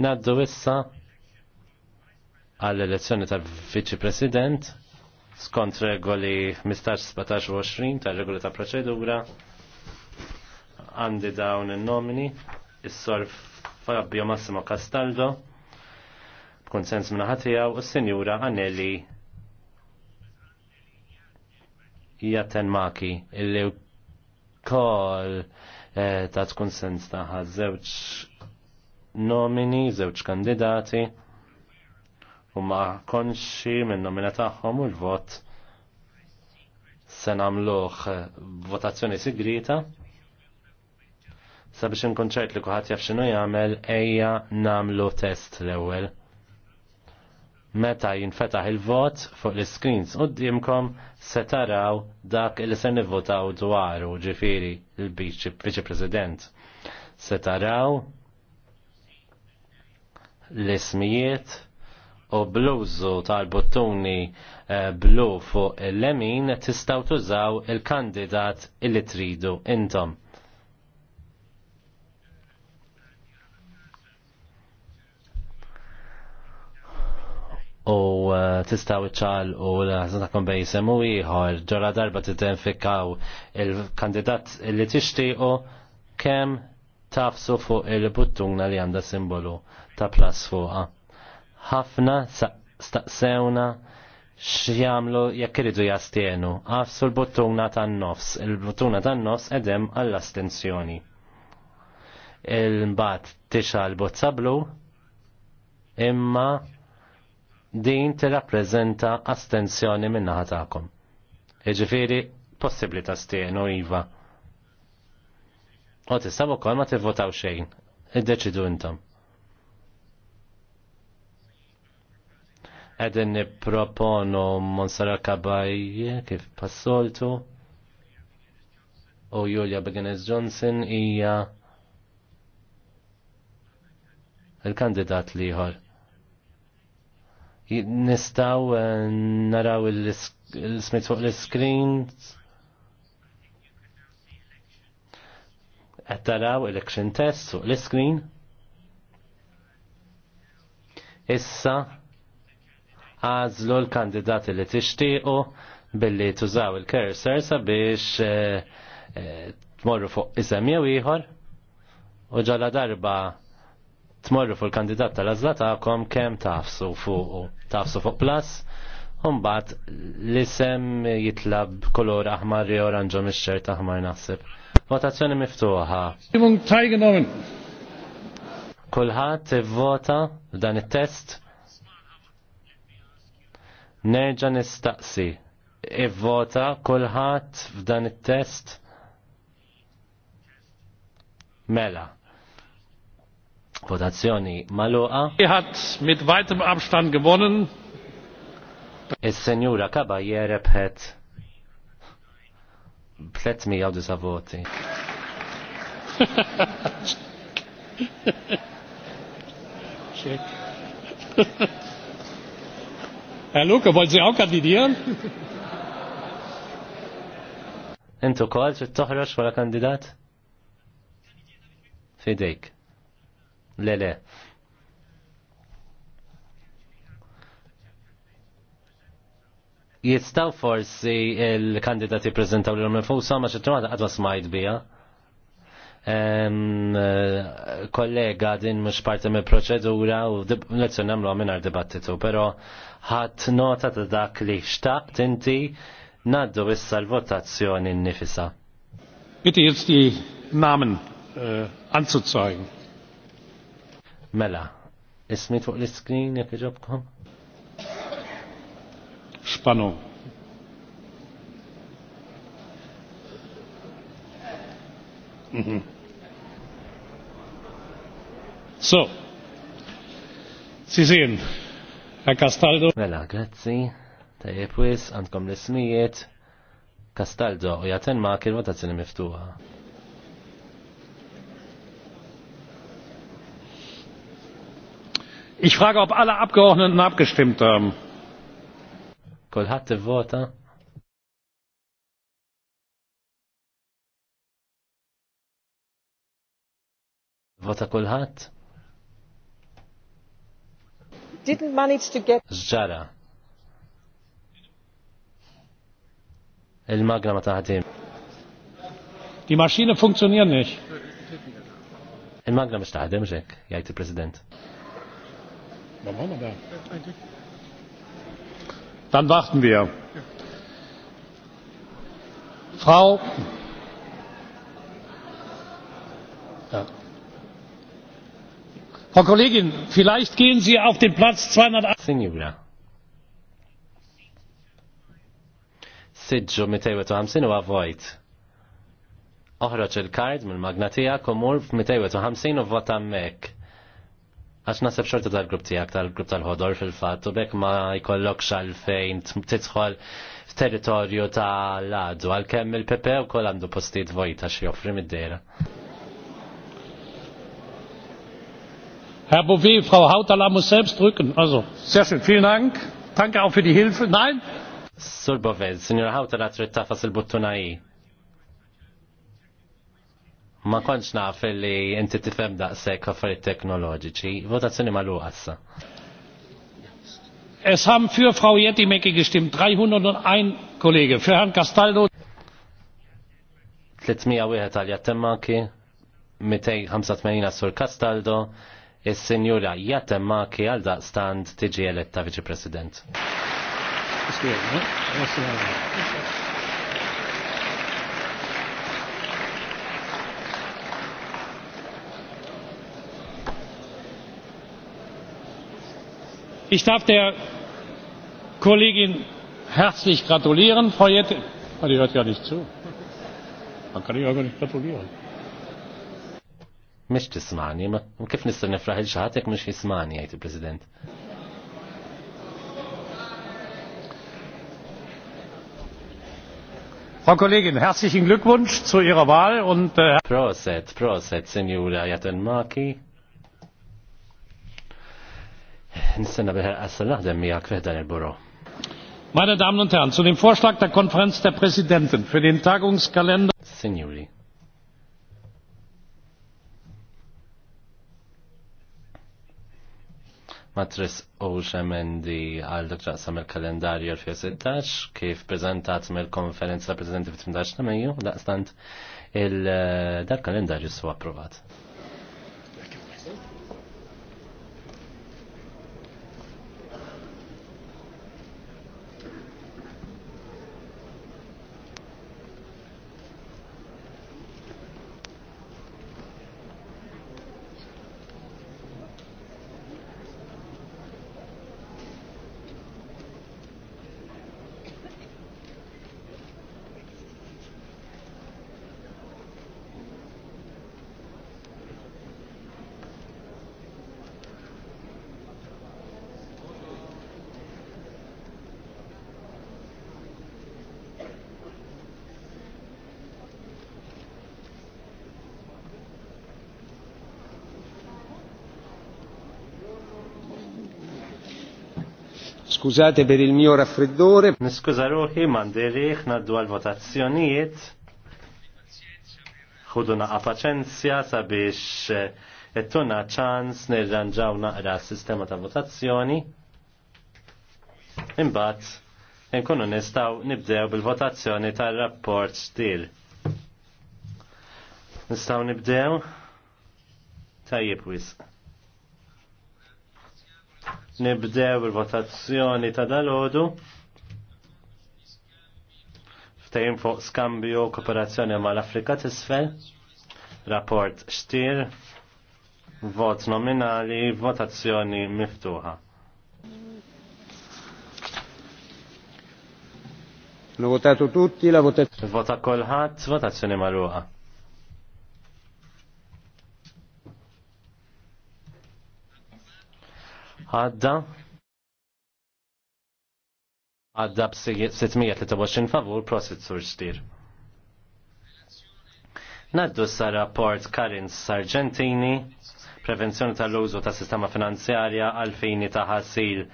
Naddu issa għall-elezzjoni tal-Viċi President skont regoli 15-17-20 tal-regoli ta' proċedura għandi dawn il-nomini il-sor Fabio Massimo Castaldo konsens minna ħatijaw u s-senjura Anelli jatten maki il-li kol eh, ta' tkun sens ta' zewċ nomini, żewġ kandidati, u ma konxi minn nomina tagħhom u l-vot se nagħmluh votazzjoni sigrita sabiex inkonċert li kuħat jaf xinu jagħmel ejja namlu test l-ewwel. Meta jinfetaħ il-vot fuq l-screens qudiemkom se taraw dak li se nivvotaw dwaru ġifieri il biċi President. Se taraw l-ismijiet u bluzu tal-bottuni eh, blu fuq l-lemin tistaw tużaw il-kandidat illi tridu intom. u eh, tistaw iċċal u l-għazna bej semu iħor ġara darba t-identifikaw il-kandidat li t-ixtiqu kem tafsu fuq il-buttuna li għanda simbolu ta' plas fuqa. Ħafna staqsewna x'jamlu jekk iridu jastienu, għafsu l-buttuna tan-nofs, il-buttuna tan-nofs edem għall-astenzjoni. Il-mbagħad tixa l-bozza blu, imma din tirrappreżenta astenzjoni min-naħa tagħkom. Jiġifieri possibbli tastienu iva. U tista' kol ma tivvotaw xejn, iddeċidu intom. Edin niproponu Monsara Kabaj kif passoltu u Julia Beginnes Johnson hija il-kandidat liħor. Nistaw eh, naraw il-smit fuq l-screen. Għattaraw taraw election test fuq l-screen. Issa għazlu l-kandidati li tixtiequ billi tużaw il-cursor sabiex eh, eh, tmorru fuq isem jew ieħor u ġala darba tmorru fuq il-kandidat tal-għażla tagħkom kemm tafsu fuq tafsu fuq plus bat l-isem jitlab kolor aħmar jew oranġo mix aħmar naħseb. Votazzjoni miftuħa. Kulħadd ivvota dan it-test. Nerġa nistaqsi, ivvota kulħadd f'dan it-test? Mela. Votazzjoni maluqa. Iħat mit weitem Abstand gewonnen. Is-senjura kaba jerebħet 309 voti. ha Herr Luke, wollen Sie auch kandidieren? Intu kol, trid toħroġ wara kandidat? Fidejk. Le le. Jistaw forsi il-kandidati prezentaw l-lum il-fusa ma għadwa smajt bija. Eh, kollega din mhux parte mill proċedura u namlu għamina l-debattitu, pero ħat nota ta' dak li xtaq tinti naddu issa l-votazzjoni nnifisa. Bitte jetzt die Namen eh, anzuzeigen. Mela, ismi fuq l-iskrin jekk iġobkom? Spano. Mhm. So, si sien, a Castaldo. Mela, grazzi. Tajjeb wis, għandkom l-ismijiet. Castaldo, u jaten ma' kil-votazzjoni miftuħa. Ich frage, ob alle Abgeordneten abgestimmt haben. Kolħat vota? vota kulħadd? Didn't manage to get Ġara. il magra ma taħdim. Die Maschine funktioniert nix. il magra ma taħdim hekk, jgħid il-President. Ma ma ma da. Dan warten wir. Frau ja. Frau Kollegin, vielleicht gehen Sie auf den Platz 208. Signora. Sidġu 250 u għavojt. Oħroġ il-kard mill-magnatija komur f-250 u vota mek. Għax nasib xorta tal-grupp tijak, tal-grupp tal-ħodor fil-fat, u bekk ma jkollok xalfejn titħol f-territorju tal ladu għal-kemm il pepe u kol għandu postijiet vojta xie joffri mid-dera. Herr Bouvet, Frau Hautala muss selbst drücken. Also, sehr schön. Vielen Dank. Danke auch für die Hilfe. Nein? Sur Signor Hautala trid tafas il-buttuna Ma konċ naf li inti tifhem daqshekk affarijiet teknoloġiċi. Votazzjoni magħluqa issa. Es ham für Frau Jetti Jettimecki gestimmt 301 Kollege, für Herrn Castaldo 301 għal Jettimecki, 285 Sur Castaldo, il-Senjura sinjura ki għal stand tiġi eletta Viċi President. Ich darf der Kollegin herzlich gratulieren, Frau Jette. Oh, die hört ja nicht zu. Man kann ihr aber nicht gratulieren mish tismani, ma kif nista' nifraħ il xi ħadd jekk mhux jismani jgħid il-President. Frau Kollegin, herzlichen Glückwunsch zu Ihrer Wahl und äh Proset, Proset, Signora Jatenmaki. Nistenna biħer għassal naħdem miegħek fehdan il-buro. Meine Damen und Herren, zu dem Vorschlag der Konferenz der Präsidenten für den Tagungskalender. Signori. ma tris uġ emendi għal dak Sam il-kalendarju 2016 kif prezentat mill-konferenza prezidenti fit-18 ta' Mejju, daqstant il-dal eh, kalendarju su approvat. Skużate per il mio raffreddore. Niskuza ruħi mandiriħ naddu għal-votazzjonijiet. Xuduna paċenzja sabiex eh, ettuna ċans nirranġaw naqra s-sistema ta' votazzjoni. Imbat, nkunu nistaw nibdew bil-votazzjoni tal-rapport stil. Nistaw nibdew? Tajjeb wisq nibdew il-votazzjoni ta' dalodu ftejn fuq skambju kooperazzjoni mal-Afrika tisfel rapport xtir vot nominali votazzjoni miftuħa Hanno votato tutti la votazione. Vota kolħat, votazzjoni maluqa. għadda għadda b-623 favur prosit sur xtir. Naddu sa rapport Karin Sargentini, prevenzjoni tal-użu ta' sistema finanzjarja għal fini ta' ħasil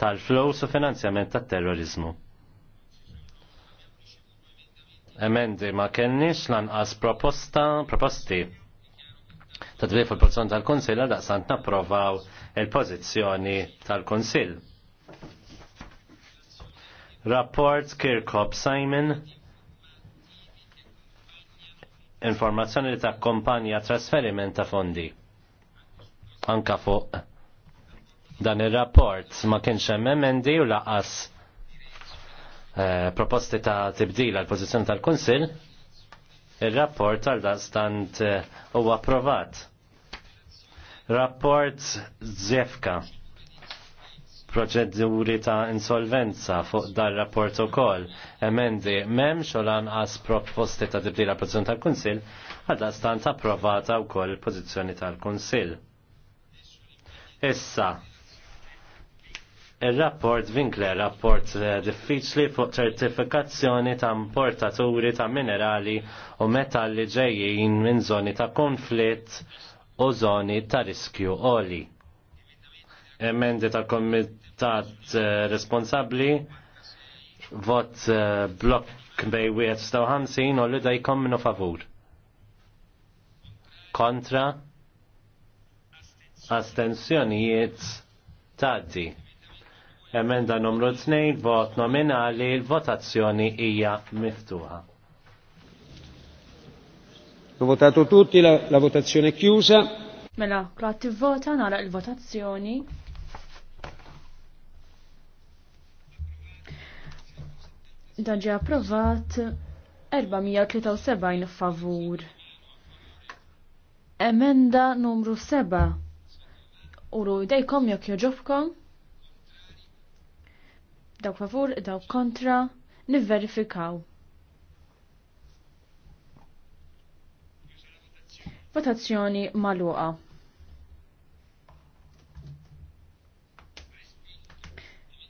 tal-flows u finanzjament ta' terrorizmu. Emendi ma' lan lanqas proposta, proposti ta' dbif il-porzjon tal-Konsil għal daqsant napprovaw il-pozizjoni tal-Konsil. Rapport Kirkop Simon Informazzjoni li ta' kompanja trasferiment ta' fondi. Anka fuq dan il-rapport ma kienx hemm emendi u laqas eh, proposti ta' tibdil għal pożizzjoni tal-Kunsill Il-rapport tal stant eh, huwa approvat. Rapport Zefka. Proċeduri ta' insolvenza fuq dal rapport ukoll. Emendi mem xolan lanqas proposti ta' tibdila pożizzjoni tal-Kunsill għal stant approvata wkoll il-pożizzjoni tal-Kunsill. Issa, Il-rapport Winkler, rapport eh, diffiċli fuq ċertifikazzjoni ta' importaturi ta' minerali u metalli ġejjin minn zoni ta' konflitt u zoni ta' riskju oli. Emendi ta' komitat eh, responsabli vot eh, blok bej 50 u li da' jkom minu favur. Kontra astensjonijiet taddi Emenda numru 2, vot nominali, l-votazzjoni hija miftuħa. Ho votato tutti, la, la votazione è chiusa. Mela, klati vota nara il-votazzjoni. Dan ġie approvat 473 favur. Emenda numru 7. Uru dejkom jekk joġobkom dawk favur, dawk kontra, nivverifikaw. Votazzjoni maluqa.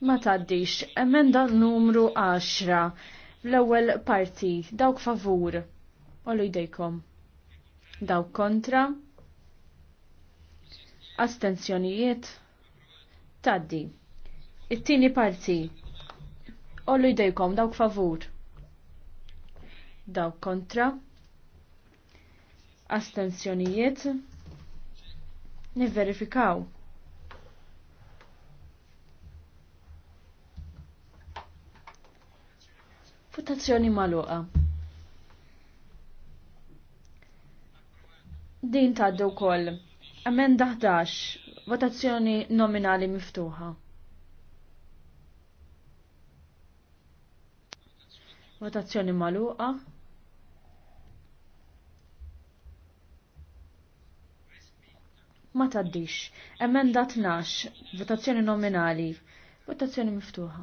Ma taddix, emenda numru 10, l-ewwel parti, dawk favur. Ollu jdejkom. Dawk kontra. Astenzjonijiet. Taddi. It-tieni parti, Ollu jdejkom, dawk favur. Dawk kontra. Astenzjonijiet. Niverifikaw. Votazzjoni maluqa. Din taddu kol. Amenda 11. Votazzjoni nominali miftuħa. Votazzjoni maluqa. Ma taddix. Emenda 12. Votazzjoni nominali. Votazzjoni miftuħa.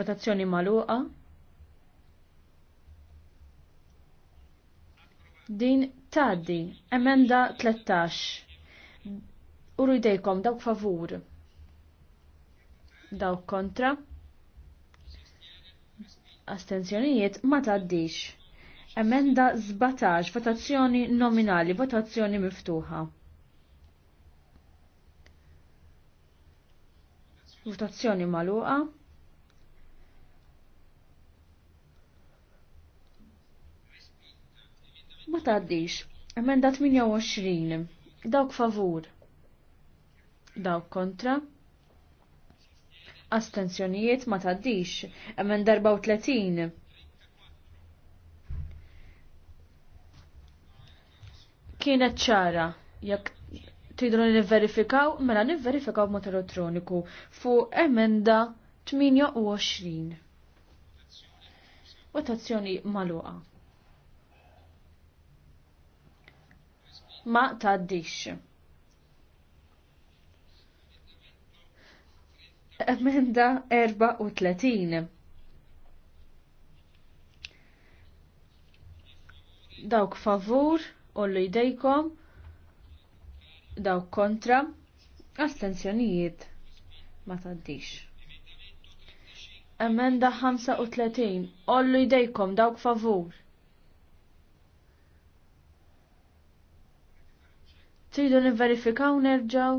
Votazzjoni maluqa. Din taddi. Emenda 13. Uru dejkom dawk favur dawk kontra astenzjonijiet ma taddix. Emenda 17, votazzjoni nominali, votazzjoni miftuħa. Votazzjoni maluqa. Ma taddix. Emenda 28, dawk favur. Dawk kontra astenzjonijiet ma taddix, emmen tletin? Kienet ċara, jekk tidru niverifikaw, mela niverifikaw mod elettroniku fuq emenda 28. Votazzjoni maluqa. Ma taddix. Emenda 34. Dawk favur, ollu jdejkom, dawk kontra, astenzjonijiet ma taddix. Emenda 35, ollu jdejkom, dawk favur. Tridu niverifikaw nerġaw?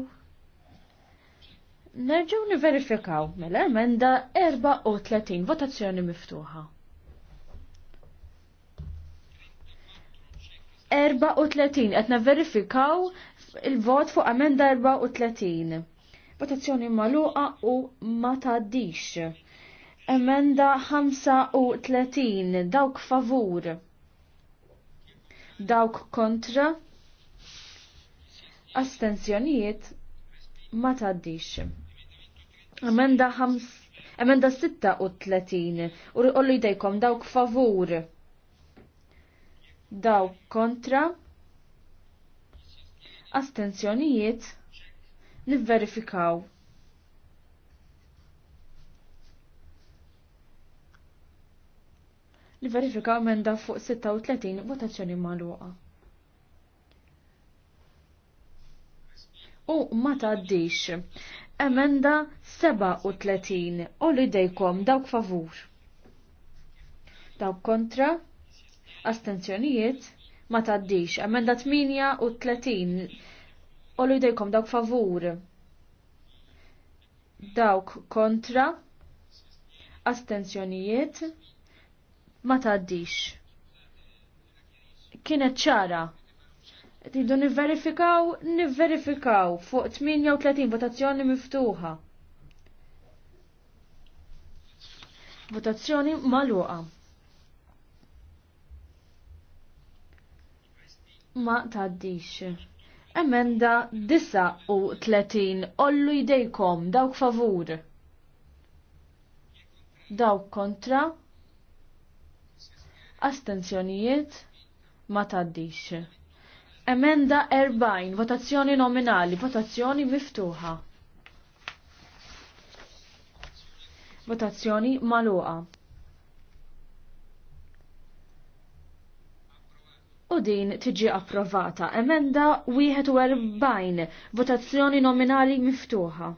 Nerġaw niverifikaw mill-emenda 34 votazzjoni miftuħa. 34 qed verifikaw il-vot fuq amenda 34. Votazzjoni maluqa u ma tgħaddix. Emenda 35 dawk favur. Dawk kontra. Astenzjonijiet ma taddix. Emenda 5, emenda 36 u rqollu jdejkom dawk favur. Dawk kontra. Astenzjonijiet nivverifikaw. Nivverifikaw emenda fuq 36 votazzjoni maluqa. u ma taddix. Emenda 37 Oli dejkom dawk favur. Dawk kontra, astenzjonijiet, ma taddix. Emenda 38 Oli dejkom dawk favur. Dawk kontra, astenzjonijiet, ma taddix. Kienet ċara Tridu nivverifikaw nivverifikaw fuq 38 votazzjoni miftuħa. Votazzjoni maluqa. Ma taddix. Emenda 39 ollu jdejkom dawk favur. Dawk kontra. Astenzjonijiet ma taddix. Emenda 40, votazzjoni nominali, votazzjoni miftuħa. Votazzjoni maluqa. U din tiġi approvata. Emenda 41, votazzjoni nominali miftuħa.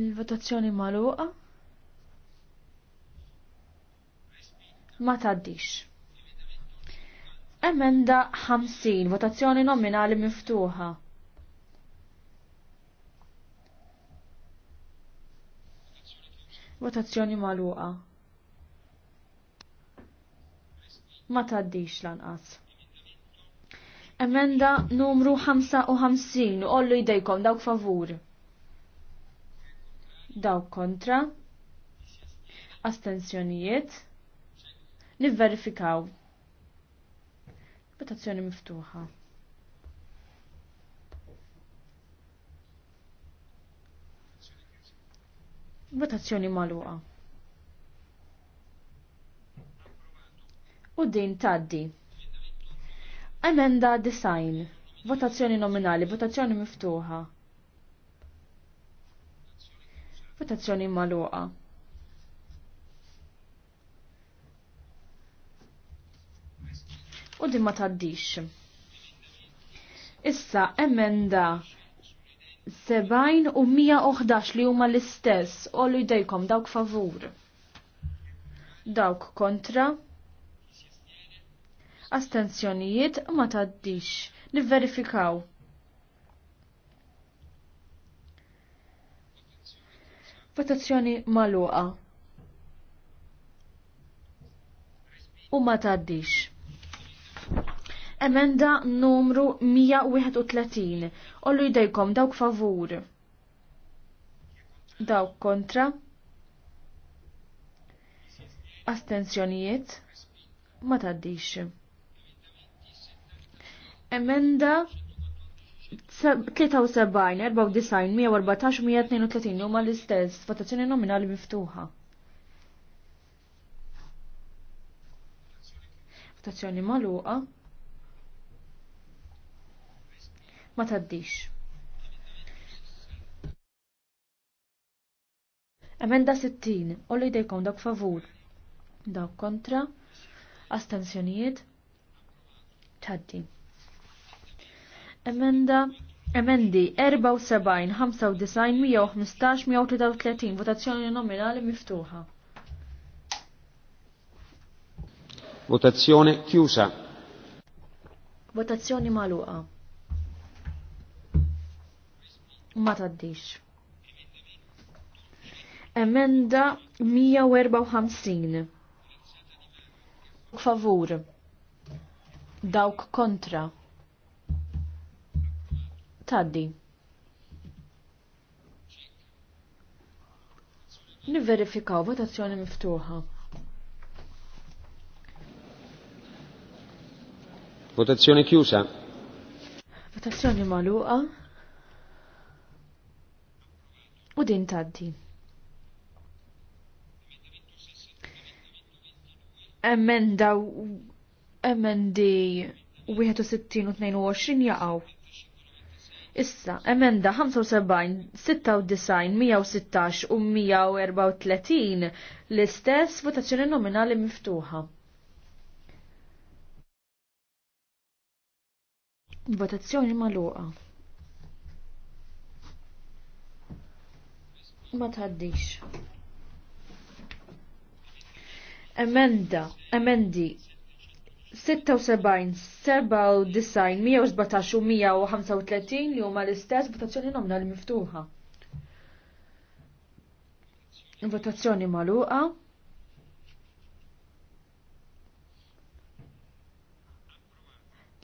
Il-votazzjoni maluqa. ma taddix. Emenda 50, votazzjoni nominali miftuħa. Votazzjoni maluqa. Ma taddix lanqas. Emenda numru 55, ollu jdejkom, dawk favur. Dawk kontra. Astenzjonijiet nivverifikaw. Votazzjoni miftuħa. Votazzjoni maluqa. U din taddi. Emenda design. Votazzjoni nominali, votazzjoni miftuħa. Votazzjoni maluqa. u din ma taddix. Issa emenda 70 u 111 li huma l-istess u li jdejkom dawk favur. Dawk kontra. Astenzjonijiet ma taddix. Nivverifikaw. Votazzjoni maluqa. U ma taddix. Emenda numru 131. Ollu jdejkom dawk favur. Dawk kontra. Astenzjonijiet. Ma taddix. Emenda 73, 132 114, huma l-istess, votazzjoni nominali miftuħa. Votazzjoni maluqa. ma taddix. Emenda 60, Olli dejkom dak favur, dak kontra, astensjonijiet, taddi. Emenda Emendi 74, 95, 115, votazzjoni nominali miftuħa. Votazzjoni chiusa. Votazzjoni maluqa ma taddix. Emenda 154. Favur. Dawk kontra. Taddi. Niverifikaw votazzjoni miftuħa. Votazzjoni chiusa. Votazzjoni maluqa u din taddi. Emenda emendi 61 u 22 jaqaw. Issa, emenda 75, 96, 116 u 134 l-istess votazzjoni nominali miftuħa. Votazzjoni maluqa. ma tgħaddix. Emenda, emendi 76, 97, 117 135 li huma l-istess votazzjoni nomna li miftuħa. Votazzjoni maluqa.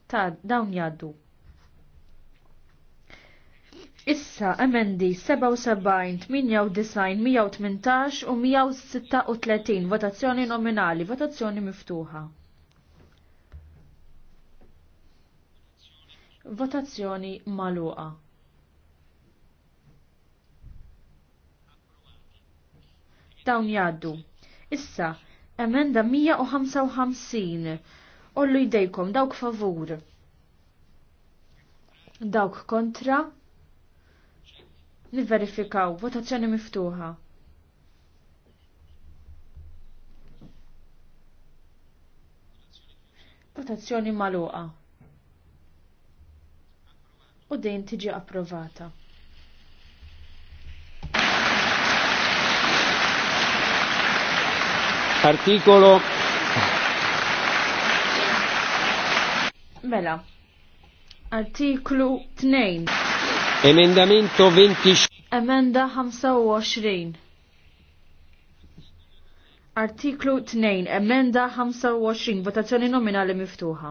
Ta' dawn jaddu. Issa emendi 77, 98, 118 u 136 votazzjoni nominali, votazzjoni miftuħa. Votazzjoni maluqa. Dawn jaddu. Issa, emenda 155. Ollu jdejkom dawk favur. Dawk kontra. Nivverifikaw votazzjoni miftuħa. Votazzjoni maluqa. U din tiġi approvata. Artikolo Mela, artiklu 2. Emendamento 26. Emenda 25. Artiklu 2. Emenda 25. Votazzjoni nominali miftuħa.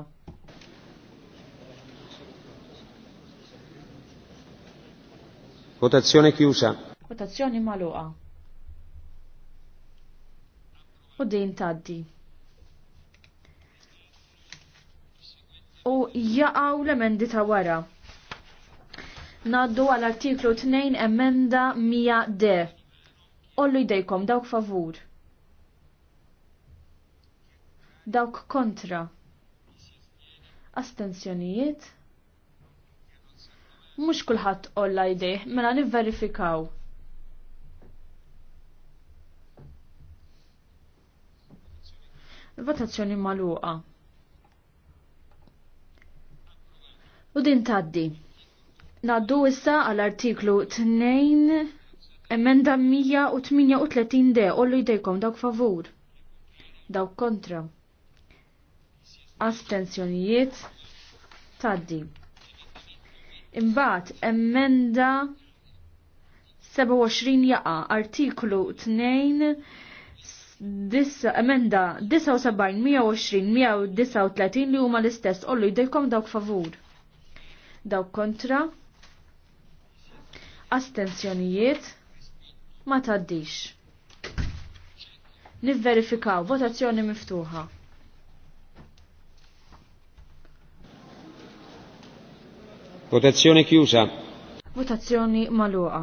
Votazzjoni chiusa. Votazzjoni maluqa. U din taddi. U jaqaw l-emendi ta' wara. Naddu għall-artiklu 2 emenda 100 d. Ollu jdejkom dawk favur. Dawk kontra. Astenzjonijiet. Mux kullħat olla jdej mela nivverifikaw. Votazzjoni maluqa. U din taddi. Naddu issa għall-artiklu 2 emenda 138 de ollu jdejkom dawk favur. Dawk kontra. Astenzjonijiet taddi. Imbagħad emenda 27 jaqa artiklu 2 emenda 79 120 139 li huma l-istess ollu jdejkom dawk favur. Dawk kontra astenzjonijiet ma taddix. Nivverifikaw votazzjoni miftuħa. Votazzjoni chiusa. Votazzjoni maluqa.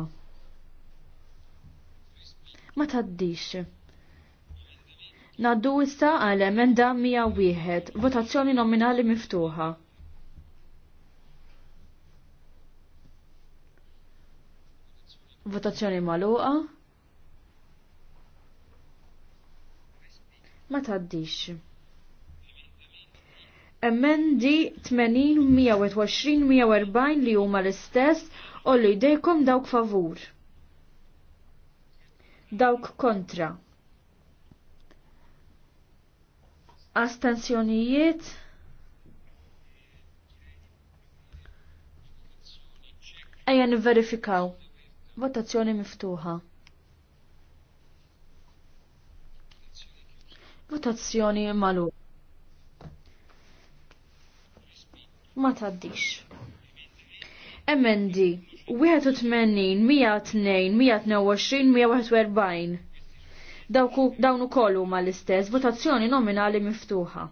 Ma taddix. Naddu issa għal emenda 101, votazzjoni nominali miftuħa. Votazzjoni maluqa. Ma taddix. Emendi 80-120-140 li huma l-istess u li dejkom dawk favur. Dawk kontra. Astensjonijiet. Ejja niverifikaw. verifikaw Votazzjoni miftuħa. Votazzjoni malu. Ma taddix. Emendi 81, 102, 122, 141. Dawnu kollu ma l-istess, votazzjoni nominali miftuħa.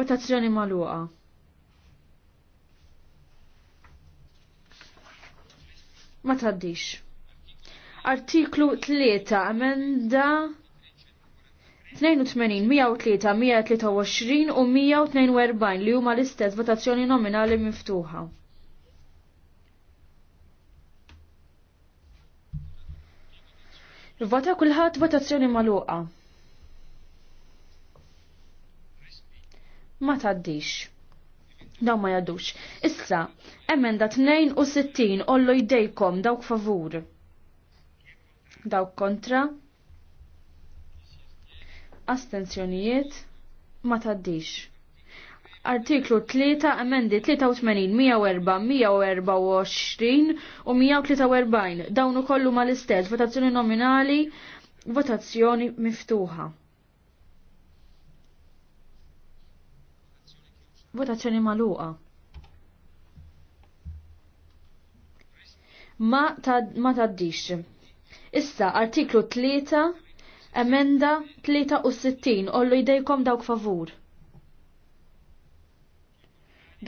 Votazzjoni maluqa. ma taddix. Artiklu 3, amenda 82, 103, 123 u 142 li huma l-istess votazzjoni nominali miftuħa. Vota kulħadd votazzjoni magħluqa. Ma taddix. Daw ma jadux. Issa, emenda 62 ollu jdejkom dawk favur. Dawk kontra. Astenzjonijiet ma taddix. Artiklu 3, emendi 83, 104, 124 u 143. Dawnu kollu mal-istess, votazzjoni nominali, votazzjoni miftuħa. Votazzjoni maluqa. Ma, tad, ma taddix. Issa, artiklu 3, emenda 63, ollu jdejkom dawk favur.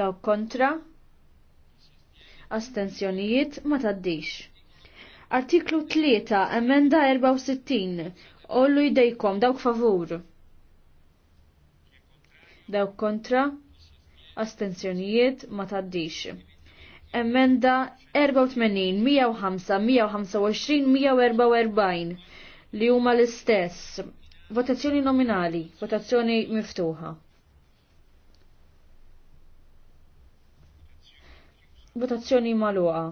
Dawk kontra. Astenzjonijiet ma taddix. Artiklu 3, emenda 64, ollu jdejkom dawk favur. Dawk kontra astenzjonijiet ma taddix. Emenda 84, 105, 125, 144 li huma l-istess. Votazzjoni nominali, votazzjoni miftuħa. Votazzjoni maluqa.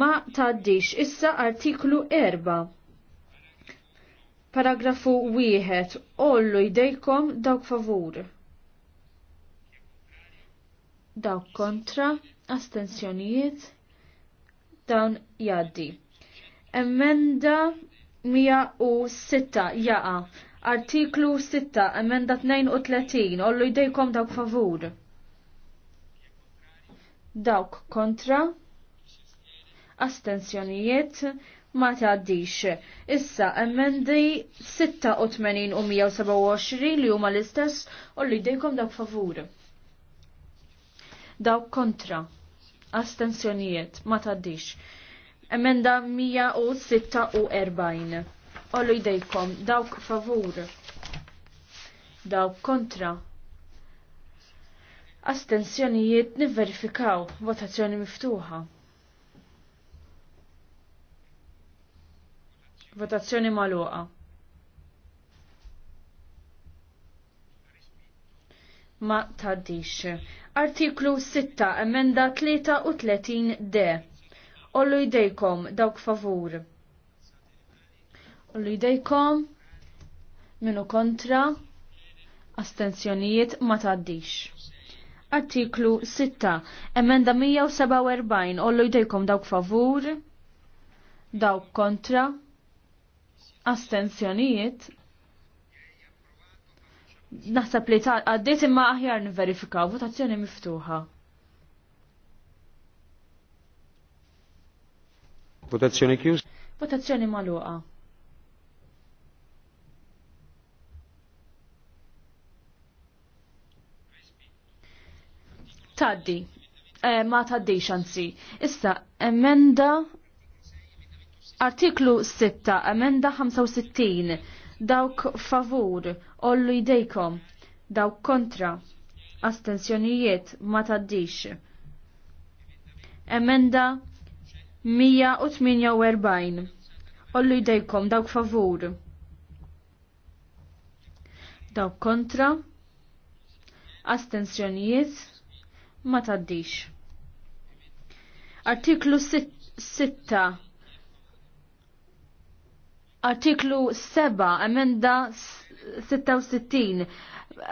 ma taddix issa artiklu 4. Paragrafu wieħed. Ollu jdejkom dawk favur. Dawk kontra. Astenzjonijiet. Dawn jaddi. Emenda 106 jaqa. Artiklu 6, emenda 32, ollu jdejkom dawk favur. Dawk kontra. Astenzjonijiet ma tgħaddix. Issa emendi 86 u 127 li huma l-istess u li jdejkom dawk favur. Dawk kontra. Astensjonijiet ma tgħaddix. Emenda 146. Ollu jdejkom dawk favur. Dawk kontra. Astensjonijiet nivverifikaw votazzjoni miftuħa. Votazzjoni maluqa. Ma taddix. Artiklu 6, emenda 33 d. Ollu jdejkom, dawk favur. Ollu jdejkom, minu kontra, astenzjonijiet ma taddix. Artiklu 6, emenda 147, ollu jdejkom dawk favur, dawk kontra, astenzjonijiet naħseb li ta' għaddiet imma aħjar niverifikaw votazzjoni miftuħa. Votazzjoni kjus? Votazzjoni maluqa. Taddi, eh, ma taddi xansi. Issa, emenda Artiklu 6, emenda 65, dawk favur, ollu jdejkom, dawk kontra, astensjonijiet ma taddix. Emenda 148, ollu jdejkom, dawk favur, dawk kontra, astensjonijiet ma taddix. Artiklu 6 Artiklu 7, emenda 66,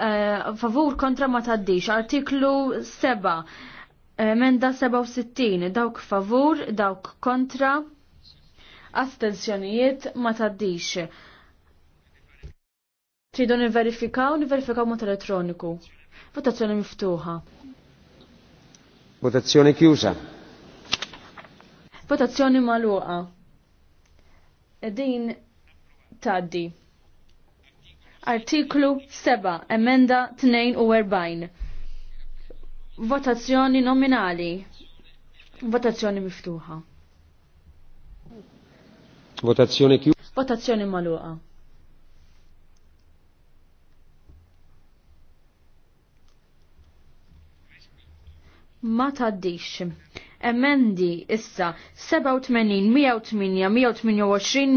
eh, favur kontra ma taddix. Artiklu 7, emenda 67, dawk favur, dawk kontra, astensjonijiet ma taddix. Tridu niverifikaw, niverifikaw mod elettroniku. Votazzjoni miftuħa. Votazzjoni chiusa. Votazzjoni maluqa din taddi. Artiklu 7, emenda 42. Votazzjoni nominali. Votazzjoni miftuħa. Votazzjoni kju? Votazzjoni maluqa. Ma taddix emendi issa 87, 108, 128,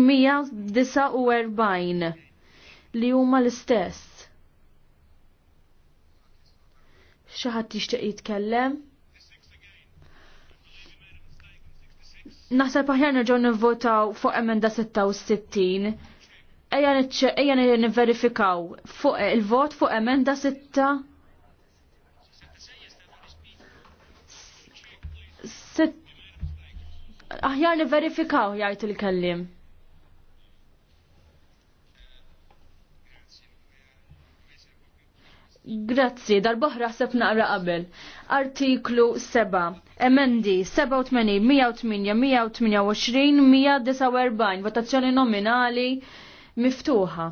149 li huma l-istess. Xaħat jixtieq jitkellem? Naħseb aħjar nerġgħu nivvotaw fuq emenda 66. Ejja nivverifikaw fuq il-vot fuq emenda 6 Aħjar li verifikaw jgħid il-kellim. Grazzi, darboħra sepp naqra qabel. Artiklu 7, emendi 87, 108, 128, 149, votazzjoni nominali miftuħa.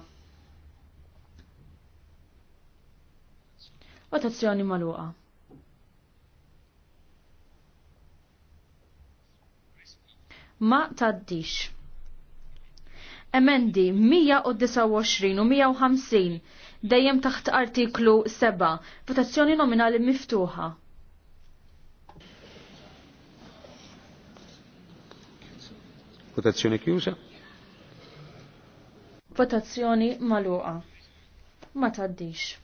Votazzjoni maluqa. ma taddix. Emendi 129 u 150 dejjem taħt artiklu 7, votazzjoni nominali miftuħa. Votazzjoni chiusa. Votazzjoni maluqa. Ma taddix.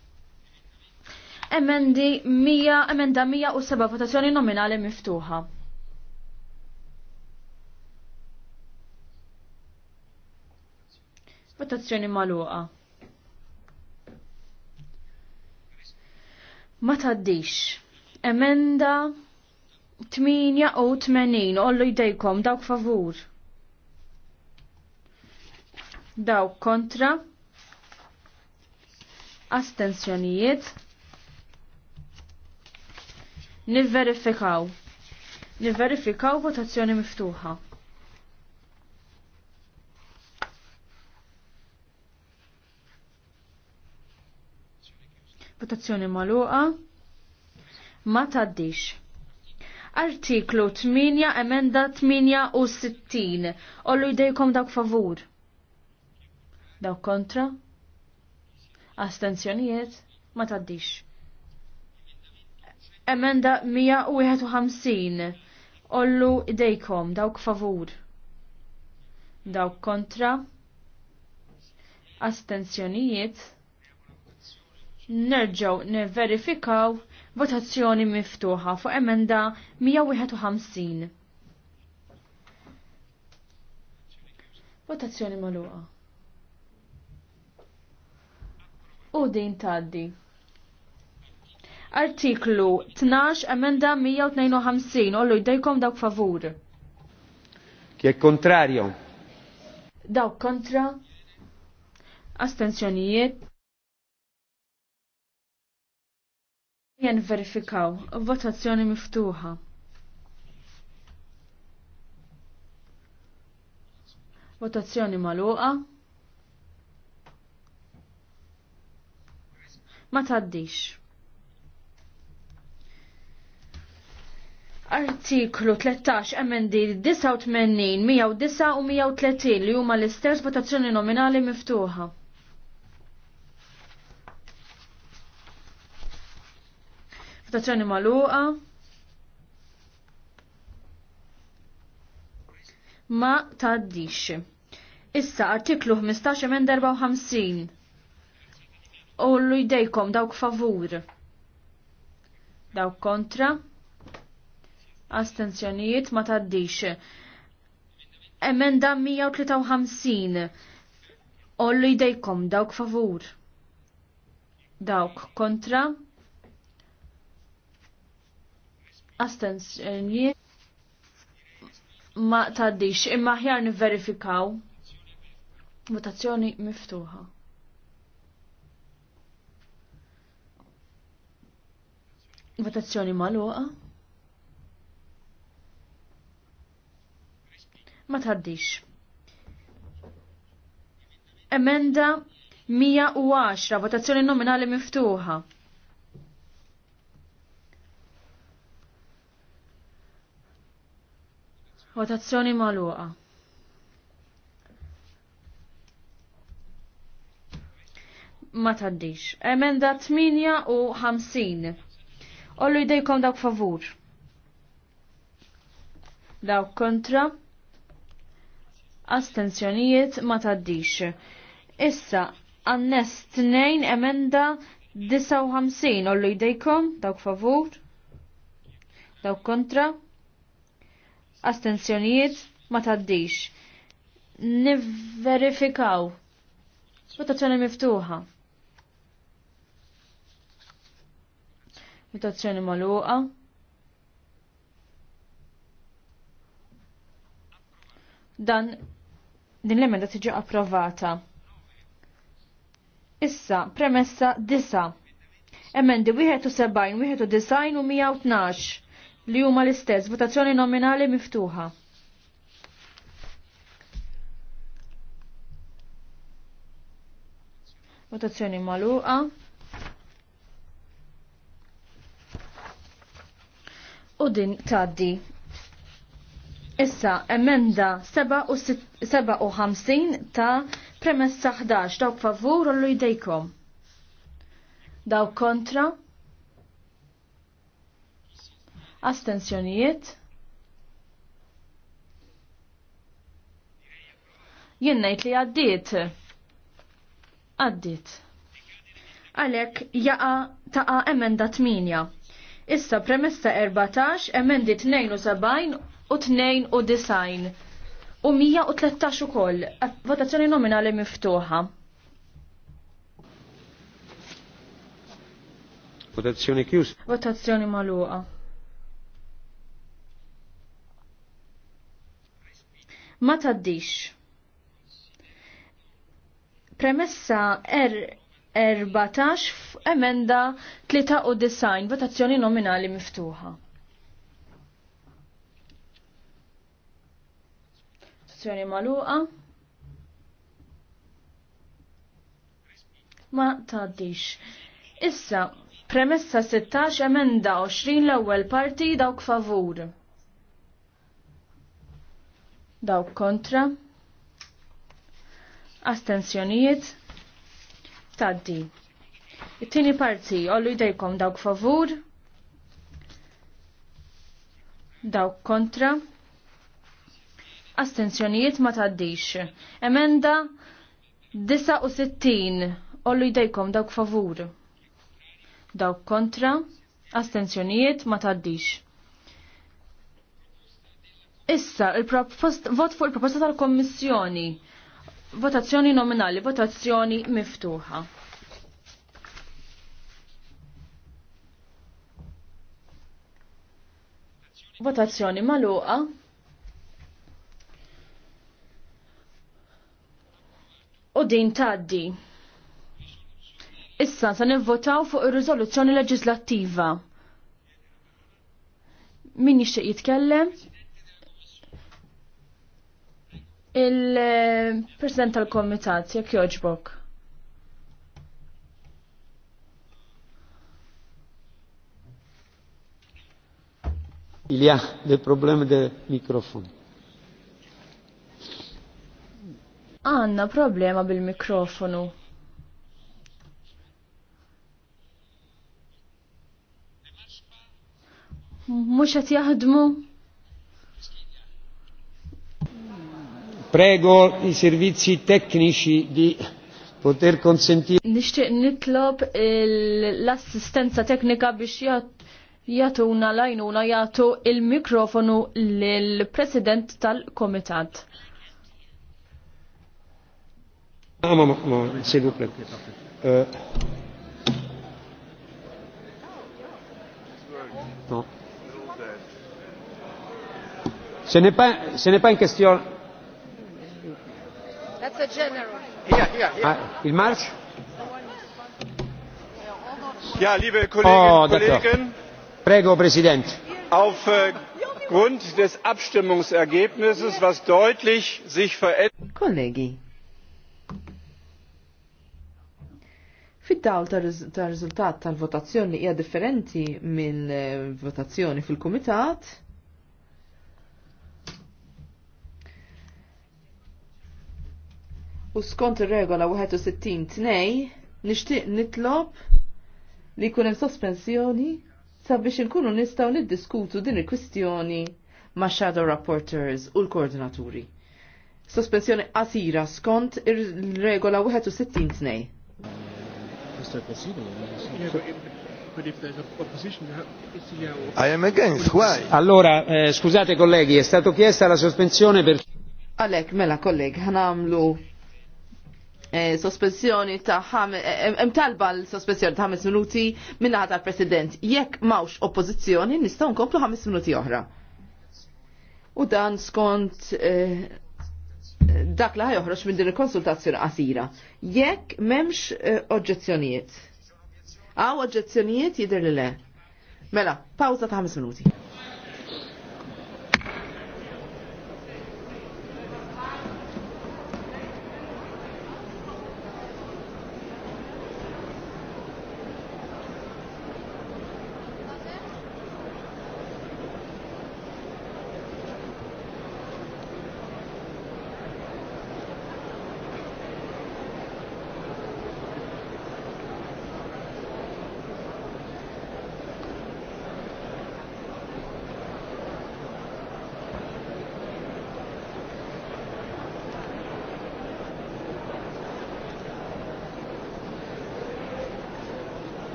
Emendi 100, emenda 107 votazzjoni nominali miftuħa. Votazzjoni maluqa. Ma taddix. Emenda 88, ollu jdejkom, dawk favur. Dawk kontra. Astenzjonijiet. Nivverifikaw. Nivverifikaw votazzjoni miftuħa. Votazzjoni maluqa. Ma taddix. Artiklu 8, emenda 68. Ollu jdejkom dawk favur. Dawk kontra. Astenzjonijiet. Ma taddix. Emenda 151. Ollu jdejkom dawk favur. Dawk kontra. Astenzjonijiet nerġaw neverifikaw votazzjoni miftuħa fuq emenda 151. Votazzjoni maluqa. U din taddi. Artiklu 12 emenda 152 ollu jdejkom dawk favur. Kie kontrarju. Dawk kontra. Astenzjonijiet Jen verifikaw, votazzjoni miftuħa. Votazzjoni maluqa. Ma taddix. Artiklu 13 MND 89, 109 u 130 li huma l-istess votazzjoni nominali miftuħa. Votazzjoni maluqa. Ma taddix. Issa artiklu 15 minn 54. U l jdejkom dawk favur. Dawk kontra. Astenzjonijiet ma taddix. Emenda 153. Ollu jdejkom dawk favur. Dawk kontra. astensjonijiet eh, ma taddix imma ħjar niverifikaw votazzjoni miftuħa. Votazzjoni maluqa. Ma taddix. Emenda 110, votazzjoni nominali miftuħa. Votazzjoni maluqa. Ma taddix. Emenda 50. Ollu jdejkom dawk favur. Dawk kontra. Astenzjonijiet ma taddix. Issa, għannes 2 emenda 59. Ollu jdejkom dawk favur. Dawk kontra astenzjonijiet ma taddix. Niverifikaw. Votazzjoni miftuħa. Votazzjoni maluqa. Dan din l-emenda tiġi approvata. Issa, premessa disa. Emendi 71, wieħed u 112 li huma l-istess, votazzjoni nominali miftuħa. Votazzjoni maluqa. U din taddi. Issa, emenda 57 ta' premessa 11, dawk favur u l-lujdejkom. Dawk kontra, astensjonijiet. Jien ngħid li għaddiet. Għaddit. Għalhekk jaqa taqa emenda 8. Issa premessa 14, emendi 72 u 2 u 9 u 113 ukoll. Votazzjoni nominali miftuħa. Votazzjoni kjus. Votazzjoni maluqa. ma taddix. Premessa er 14 f'emenda 93 votazzjoni nominali miftuħa. Votazzjoni maluqa. Ma taddix. Issa, premessa 16 emenda 20 l-ewwel parti dawk favur dawk kontra, astensjonijiet, taddi. It-tieni parti, ollu jdejkom dawk favur, dawk kontra, astensjonijiet ma taddix. Emenda 69, ollu jdejkom dawk favur, dawk kontra, astensjonijiet ma taddix. Issa, il-vot fuq il-proposta tal-Kommissjoni. Votazzjoni nominali, votazzjoni miftuħa. Votazzjoni maluqa. U din taddi. Issa se nivvotaw fuq ir-riżoluzzjoni leġislattiva. Min jixtieq jitkellem? il-President tal-Komitat, jek joġbok. Il y a des problèmes de microphone. Għanna problema bil-mikrofonu. Mux għat jahdmu? Prego i servizi tecnici di poter consentire. Nixtieq nitlob l-assistenza teknika biex jagħtuna lajnuna jagħtu il-mikrofonu lill-President tal-Komitat. Ah, ma, ma, ma, s'il vous plaît. Euh, non. Ce n'est pas, ce n'est pas une question. That's a general. Here, here, here. Ah, il March? Ja, liebe Kolleginnen oh, und Kollegen. Prego, Präsident. Auf äh, Grund des Abstimmungsergebnisses, was deutlich sich verändert. Kollegi. Fid-dawl ta' riżultat tal-votazzjoni hija differenti mill-votazzjoni eh, fil-Kumitat, U skont ir-regola 61-2 nixtieq nitlob li jkun hemm sospensjoni sabiex inkunu nistgħu niddiskutu din il-kwistjoni ma' shadow rapporters u l-koordinaturi. Sospensjoni qasira skont ir-regola 61-2. Uh, I am against, why? Allora, eh, scusate colleghi, è stato chiesta la sospensione per... Alec, mela, colleghi, hanamlu Eh, sospensjoni ta' eh, eh, hemm talba l-sospensjoni ta' 5 minuti minna ħata l-President. Jekk mawx oppożizzjoni nistgħu nkomplu 5 minuti oħra. U dan skont dak li ħajoħroġ minn din il-konsultazzjoni qasira. Jekk m'hemmx oġġezzjonijiet. Aw oġġezzjonijiet jidher li le. Mela, pawza ta' 5 minuti.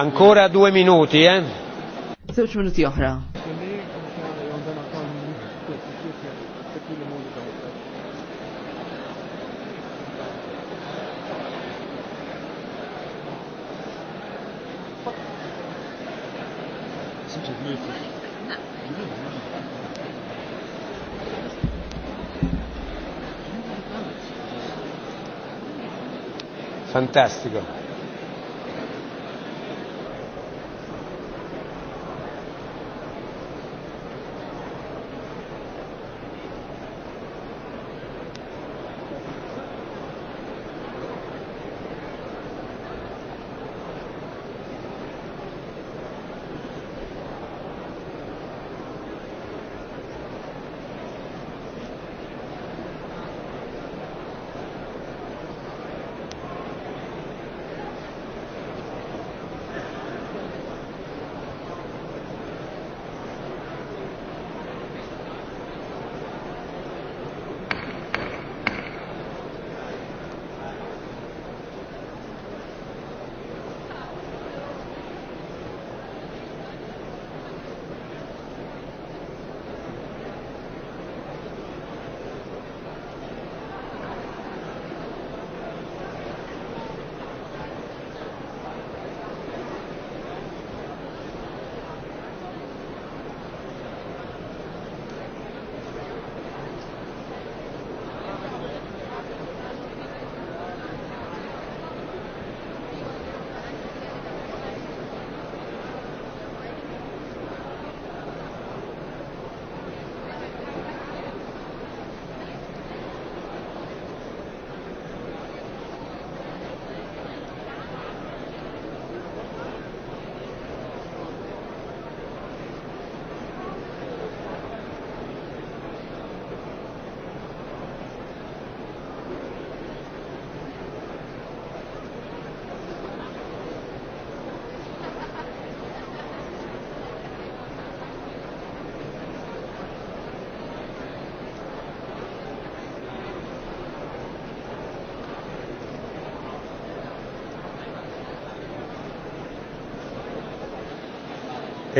Ancora due minuti, eh? Zewċ minuti oħra. Fantastico.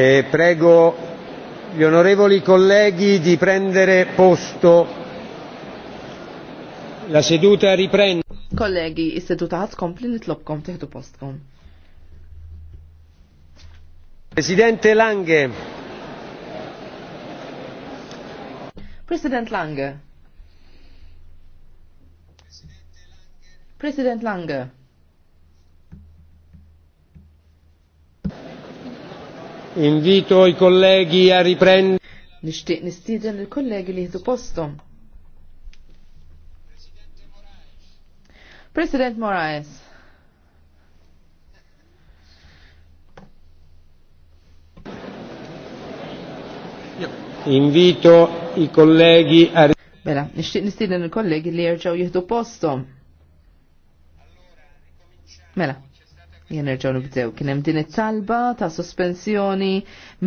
E prego gli onorevoli colleghi di prendere posto. La seduta riprende. Kollegi, is-seduta ħadd kompli nitlobkom teħdu postkom. Presidente Lange. Presidente Lange. President Lange. Invito i colleghi a riprendere. Nishtiq nistiden il-kollegi li jihdu postom. President Moraes. Invito i colleghi a riprendere. Bela, nishtiq nistiden il-kollegi li jirġaw jihdu postom. Mela, jenerġaw nibdew. Kienem din it-talba ta' sospensjoni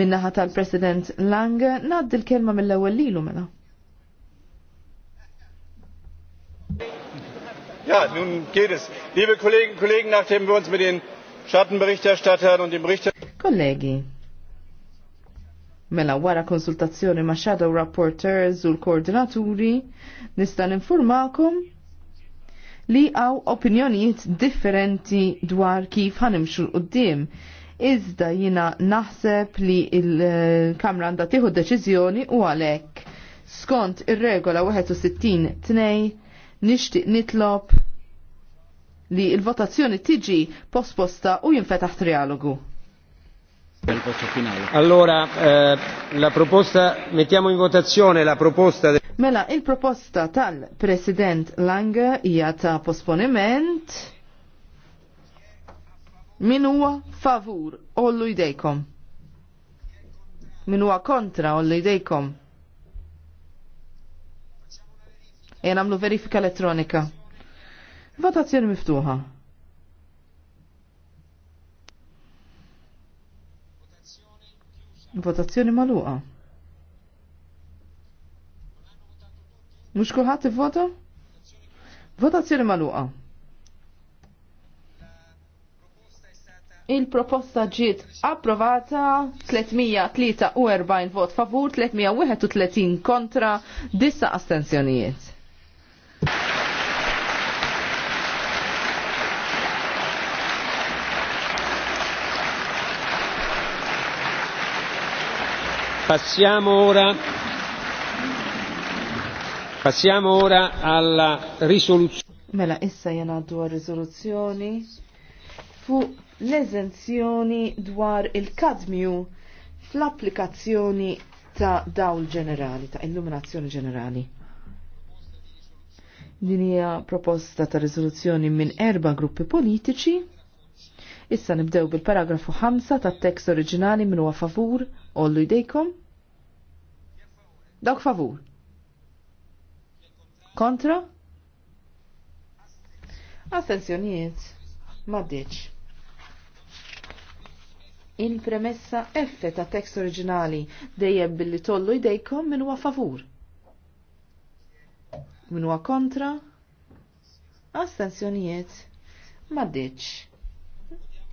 minnaħa tal-President Lang, naddi l-kelma mill-ewel lilu mela. Ja, nun geht es. Liebe Kolleginnen und Kollegen, nachdem wir uns mit den Schattenberichterstattern und dem Richter... Kollegi, mela wara konsultazzjoni ma' Shadow Rapporteurs u l-Koordinaturi, nista' informakom li għaw opinjonijiet differenti dwar kif ħanimxu l-qoddim. Iżda jina naħseb li il-Kamra għandha tieħu deċiżjoni u għalhekk. Skont ir-regola 61-2 nixtieq nitlob li il-votazzjoni tiġi posposta u jinfetaħ trialogu. Allora, eh, la proposta, mettiamo in votazione la proposta. del... Mela, il-proposta tal-President Lange hija ta' posponiment. Min huwa favur, ollu jdejkom. Min huwa kontra, ollu jdejkom. E nagħmlu verifika elettronika. Votazzjoni miftuħa. Votazzjoni maluqa. Mux kullħat vota? vota Votazzjoni maluqa. Il-proposta ġiet approvata 343 vot favur, 331 kontra, 9 astenzjonijiet. Passiamo ora Passiamo ora alla risoluzione. Mela, issa jena għal risoluzzjoni fuq l-eżenzjoni dwar il-kadmju fl-applikazzjoni ta' dawl ġenerali, ta' illuminazzjoni ġenerali. Din hija proposta ta' riżoluzzjoni minn erba gruppi politiċi. Issa nibdew bil-paragrafu 5 ta' tekst oriġinali minn huwa favur, ollu jdejkom. Dawk favur. Kontra? Astenzjonijiet. diċ. Il-premessa F ta' tekst oriġinali dejjem billi tollu jdejkom minn huwa favur. Minn huwa kontra? Astenzjonijiet. diċ.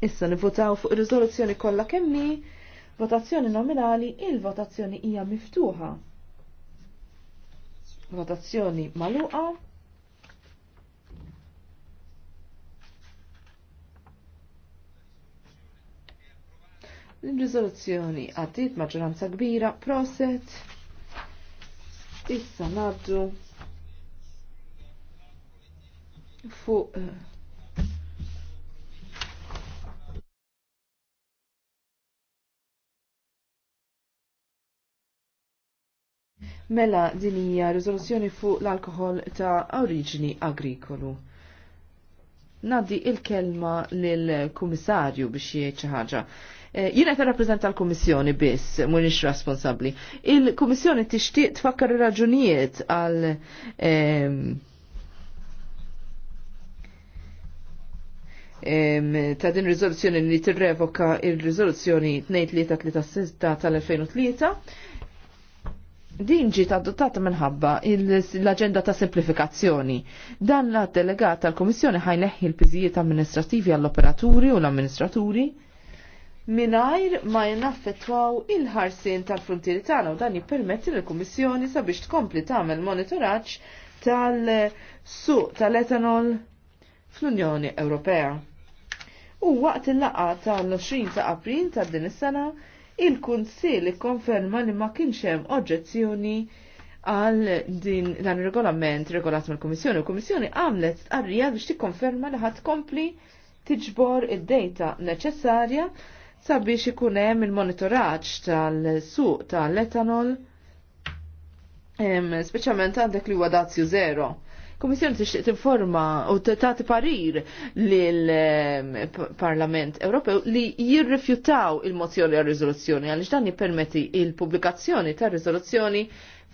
Issa nivvotaw fuq ir-riżoluzzjoni kollha kemmi, votazzjoni nominali, il-votazzjoni hija miftuħa. Votazzjoni maluqa. l rizoluzzjoni għaddit maġġoranza kbira proset. Issa naddu fuq eh, Mela din hija riżoluzzjoni fuq l-alkohol ta' oriġini agrikolu. Naddi il-kelma lill-Kummissarju biex jieċa xi ħaġa. Eh, jina ta' rappresenta l-Komissjoni biss, munix responsabli. Il-Komissjoni tixtieq tfakkar raġunijiet għal ehm, ehm, ta' din rizoluzzjoni li tirrevoka il-rizoluzzjoni 2336 tal-2003 Din ġiet adottata minħabba l-aġenda ta' simplifikazzjoni. Dan la delegata tal-Komissjoni ħajleħħi l-piżijiet amministrativi għall-operaturi u l-amministraturi minajr ma jnaffetwaw il-ħarsin tal-frontieri tagħna u dan jippermetti l-Kummissjoni sabiex tkompli tagħmel monitoraġġ tal-suq tal-etanol fl-Unjoni Ewropea. U waqt il-laqa tal-20 ta' April ta' din is-sena il-Kunsill ikkonferma li ma kienx hemm oġġezzjoni għal din dan regolament regolat mill-Kummissjoni. Il-Kummissjoni għamlet arrija biex tikkonferma li ħadd kompli tiġbor id-data neċessarja sabiex ikun hemm il-monitoraġġ tal-suq tal-etanol speċjalment għandek li huwa dazju zero. Kummissjoni tixtieq tinforma u tagħti parir l ehm, Parlament Ewropew li jirrifjutaw il-mozzjoni għal riżoluzzjoni għaliex dan jippermetti il-pubblikazzjoni ta' riżoluzzjoni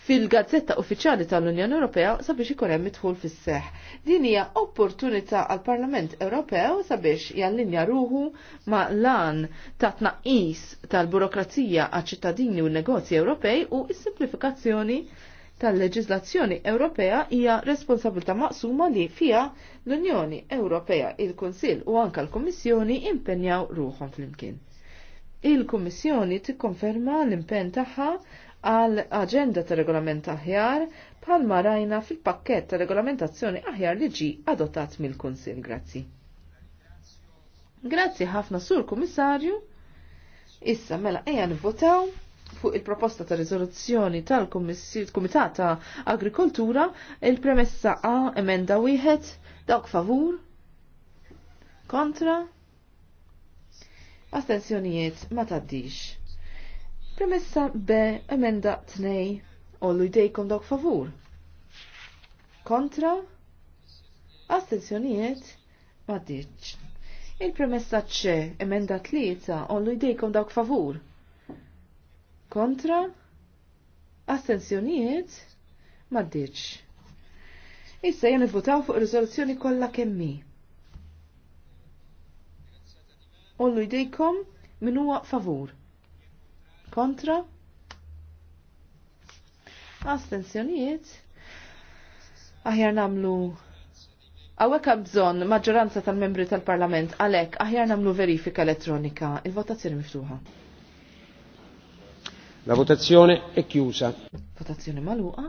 fil-gazzetta uffiċjali tal-Unjoni Ewropea sabiex ikun hemm idħul fis-seħħ. Din hija opportunità għal Parlament Ewropew sabiex jallinja ruħu ma' lan ta' tnaqqis tal-burokrazija għal ċittadini u negozji Ewropej u s-simplifikazzjoni tal-leġislazzjoni Ewropea hija responsabilità maqsuma li fija l-Unjoni Ewropea, il-Kunsill u anka l-Kummissjoni impenjaw ruħhom flimkien. Il-Kummissjoni tikkonferma l-impenn tagħha għal aġenda ta' regolament aħjar bħalma rajna fil-pakket ta' regolamentazzjoni aħjar li ġi adottat mill-Kunsill. Grazzi. Grazzi ħafna sur Kummissarju. Issa mela ejja nivvotaw fuq il-proposta ta' riżoluzzjoni tal-Kumitat ta' Agrikoltura il-premessa A emenda wieħed dawk favur kontra astensjonijiet ma taddix. Premessa B emenda u ollu jdejkom dawk favur kontra astensjonijiet ma taddix. Il-premessa C emenda u l jdejkom dawk favur kontra, astenzjonijiet, maddiċ. Issa jen votaw fuq rizoluzzjoni kollha kemmi. Ollu jdejkom min huwa favur. Kontra? Astenzjonijiet? Aħjar namlu Għawek għabżon maġġoranza tal-membri tal-parlament għalek aħjar namlu verifika elettronika, il-votazzjoni miftuħa. La votazione è chiusa. Votazione maluqa.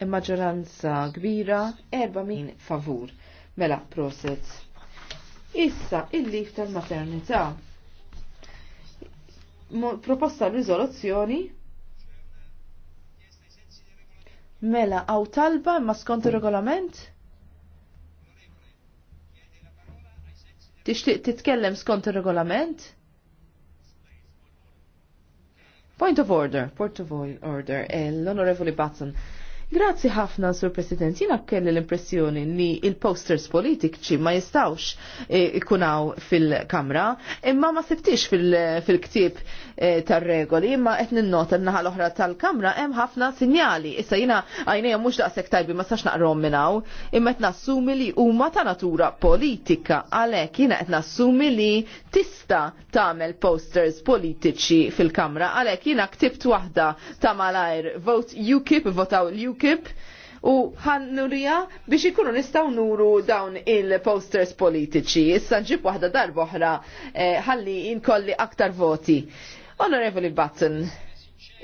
E maġġoranza kbira, erba' min favur. Mela, proset. Issa, il-lif tal-maternità. Proposta risoluzzjoni Mela, għaw talba ma skont il-regolament? Tixtieq titkellem skont ir-regolament? Point of order, point of order, eh, l-Onorevoli Batson. Grazzi ħafna, Sur President, jina kelli l-impressjoni li il-posters politiċi ma jistawx eh, ikunaw fil-kamra, imma ma sibtix fil-ktib eh, tar-regoli, imma qed ninnota n-naħa l-oħra tal-kamra hemm ħafna sinjali. Issa jina għajnejja mhux daqshekk tajbi ma sax naqrom minnaw, imma qed nassumi li huma ta' natura politika għalhekk jiena qed nassumi li tista' tagħmel posters politiċi fil-kamra għalhekk jiena ktibt waħda ta' malajr vote UKIP votaw l-UKIP kip u ħannurija biex ikunu nistaw nuru dawn il-posters politiċi. Issa nġib waħda darboħra eh, ħalli eh, inkolli aktar voti. Onorevoli Button,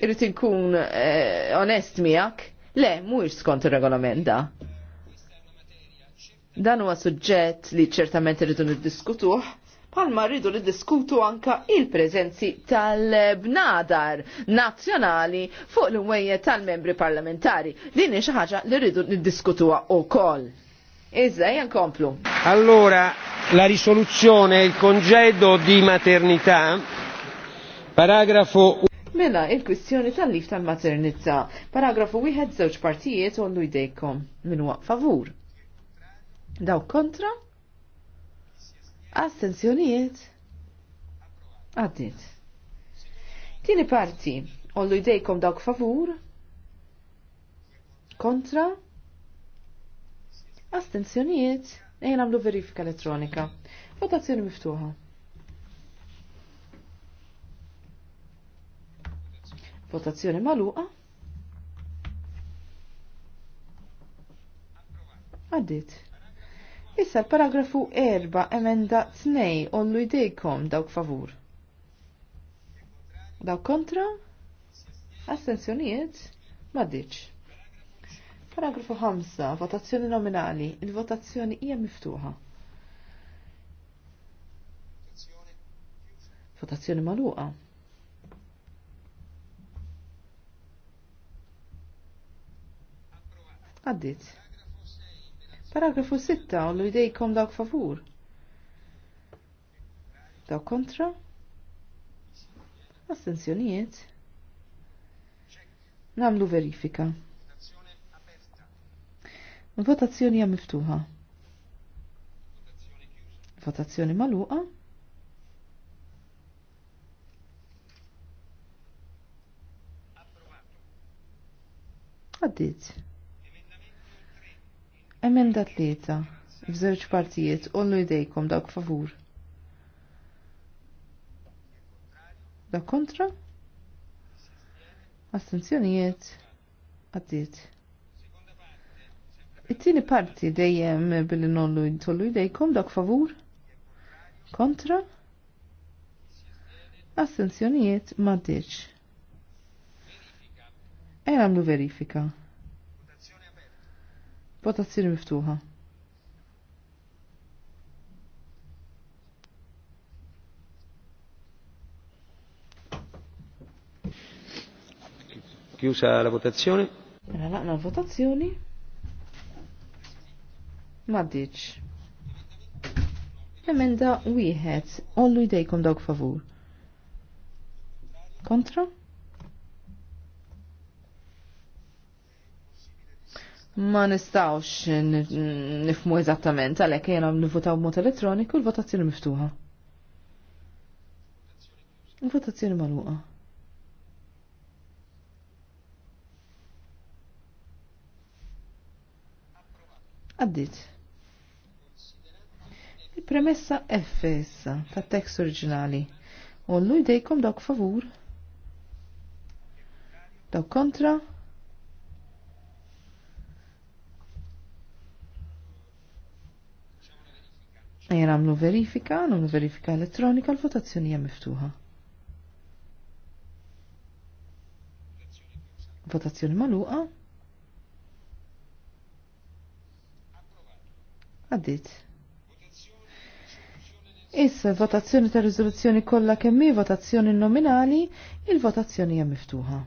irrit inkun eh, onest miak, le, mhuwiex skont il-regolamenda. Dan huwa suġġett li ċertament irridu niddiskutuh palma rridu li diskutu anka il-prezenzi tal-bnadar nazzjonali fuq l mwejje tal-membri parlamentari. Din xi ħaġa li rridu niddiskutuha wkoll. Iżda, jen komplu. Allora, la risoluzione il congedo di maternità, paragrafo... Mela, il-kwistjoni tal-lif tal-maternità, paragrafu wieħed żewġ partijiet u l-lujdejkom minn favur. Daw kontra? Astenzjonijiet? Għaddit. Tieni parti, ollu jdejkom dawk favur? Kontra? Astenzjonijiet? Ejn għamlu verifika elettronika. Votazzjoni miftuħa. Votazzjoni maluqa? Għaddit. Issa l paragrafu 4 emenda 2 ollu jdejkom dawk favur. Dawk kontra? Astenzjoniet? Maddiċ. Paragrafu 5, votazzjoni nominali. Il-votazzjoni hija miftuħa. Votazzjoni maluqa. Għaddit. Paragrafu 6, l idejkom dawk favur. Dawk kontra? Astenzjonijiet? Namlu verifika. Votazzjoni hija miftuħa. Votazzjoni maluqa. Għaddit. Emenda tlieta f'żewġ partijiet ollu jdejkom dawk favur. Da kontra? Astenzjonijiet għaddiet. It-tieni parti dejjem billi nollu jtollu jdejkom dak favur? Kontra? Astenzjonijiet maddiċ. E namlu verifika. Votazzjoni miftuħa. Chiusa la votazione. Mela laqna l-votazzjoni. Maddiċ. Emenda wieħed, ollu jdejkom dawk favur. Kontra? ma nistawx nifmu eżattament għalhekk jiena nivvutaw b'mod elettroniku l-votazzjoni miftuħa. Il-votazzjoni magħluqa. Għaddit. Il-premessa F issa tat-tekst oriġinali. Ollu jdejkom dawk favur. Dawk kontra. Ejja nagħmlu verifika, għamlu verifika elettronika l-votazzjoni hija miftuħa. Votazzjoni magħluqa. Għaddit. Issa votazzjoni ta' riżoluzzjoni kollha kemm votazzjoni nominali, il-votazzjoni hija miftuħa.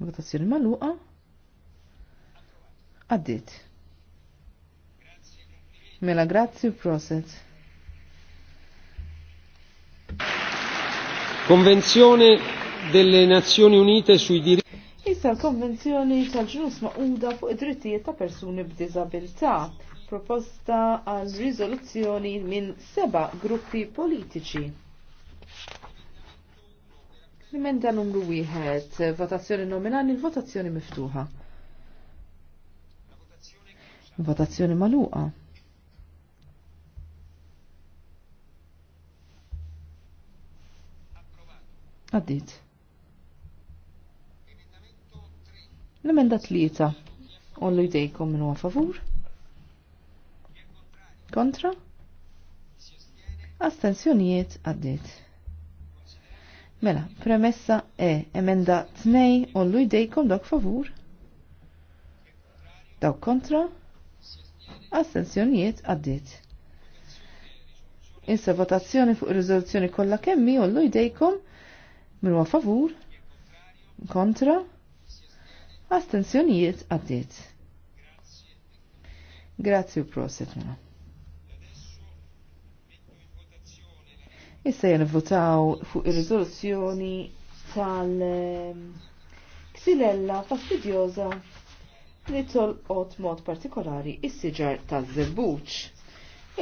Votazzjoni maluqa. Għaddit. Mela grazzi u proset. Konvenzjoni delle Nazioni Unite sui diritti Issa l-Konvenzjoni tal-ġnus maquda fuq id-drittijiet ta' persuni b'diżabilità proposta għal riżoluzzjoni minn seba' gruppi politiċi l numru wieħed, votazzjoni nominali, votazzjoni miftuħa. Votazzjoni maluqa. Għaddit. L-emenda tlieta. Ollu jdejkom minn favur. Kontra? Astenzjonijiet għaddit. Mela, premessa e emenda 2 ollu jdejkom dok favur. Dawk kontra. Astenzjonijiet għaddit. Issa votazzjoni fuq ir-riżoluzzjoni kollha kemmi ollu jdejkom minn huwa favur, kontra, astenzjonijiet għaddit. Grazzi u proset mela. Issa jenvotaw fuq ir-riżoluzzjoni tal-ksilella ehm, fastidjosa li tolqot mod partikolari is-siġar taż-żebbuċ.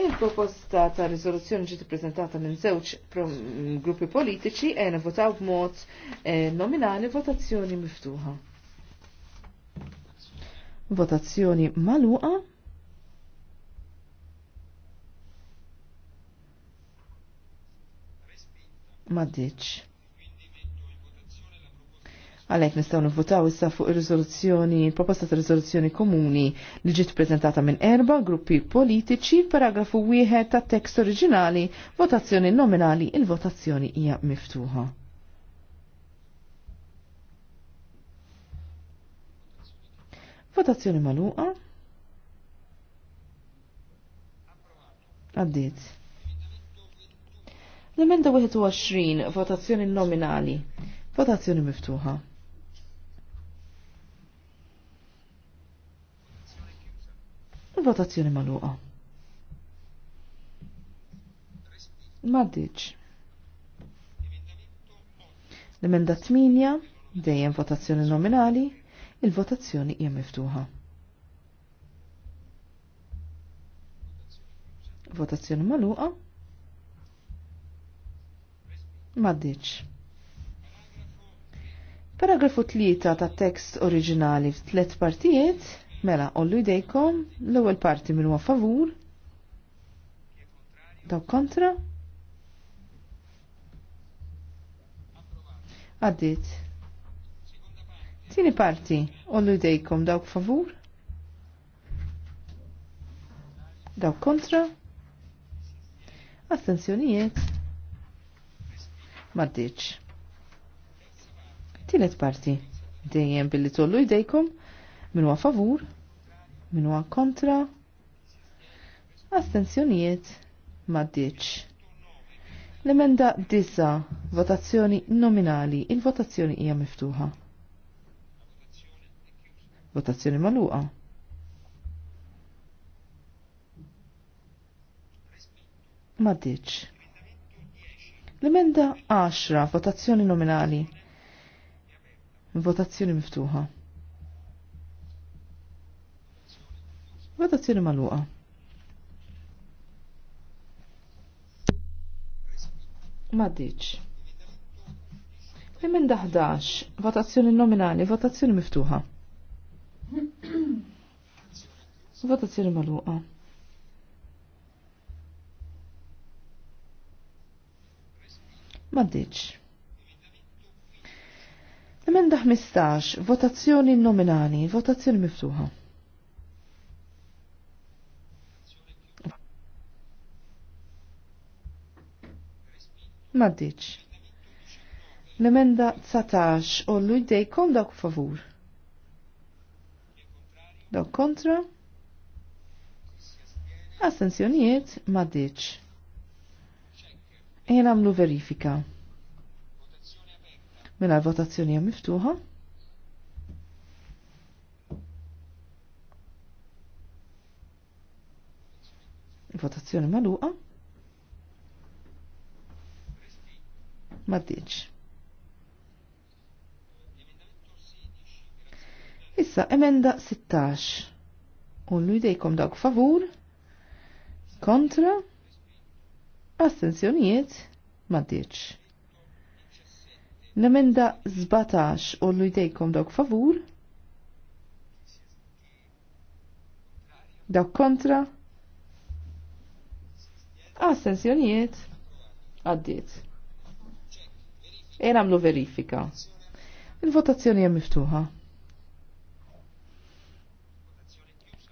Il-proposta ta' rizoluzzjoni ġiet ippreżentata minn żewġ gruppi politiċi għen e votaw b'mod eh, nominali votazzjoni miftuħa. Votazzjoni maluqa. maddiċ. Għalek nistaw nivvotaw issa fuq il-rizoluzzjoni, il-proposta ta' rizoluzzjoni komuni li ġiet prezentata minn erba gruppi politiċi, paragrafu wieħed ta' tekst oriġinali, votazzjoni nominali, il-votazzjoni hija miftuħa. Votazzjoni maluqa. Għaddiet. L-emenda 21, votazzjoni nominali. Votazzjoni miftuħa. Votazzjoni maluqa. Maddiċ. L-emenda 8, dejjem votazzjoni nominali, il-votazzjoni hija miftuħa. Votazzjoni maluqa. Maddiċ. Paragrafu 3 ta' tekst oriġinali f'tlet partijiet, mela ollu jdejkom, l-ewwel parti minn huwa favur, daw kontra. Għaddit. Tini parti, ollu jdejkom dawk favur. Daw kontra. Attenzjonijiet maddiċ. Tielet parti, dejjem billi tollu jdejkom, minu favur, minu kontra, astenzjonijiet maddiċ. L-emenda disa, votazzjoni nominali, il-votazzjoni hija miftuħa. Votazzjoni maluqa. Maddiċ. L-emenda 10, votazzjoni nominali. Votazzjoni miftuħa. Votazzjoni maluqa. Maddiċ. L-emenda 11, votazzjoni nominali, votazzjoni miftuħa. Votazzjoni maluqa. Maddiċ. Emenda 15, votazzjoni nominali, votazzjoni miftuħa. Maddiċ. L-emenda 19, ollu jdejkom dawk favur. Dawk kontra. Astenzjonijiet, maddiċ. Ejja nagħmlu verifika. Mela l-votazzjoni hija miftuħa. Votazzjoni magħluqa. Maddiċ. Issa emenda 16. Ullu jdejkom dawk favur. Kontra. Astenzjonijiet ma ditx. L-emenda 17 u l-idejkom dawk favur. Dawk kontra. Astenzjonijiet għaddiet. E namlu verifika. Il-votazzjoni hija miftuħa.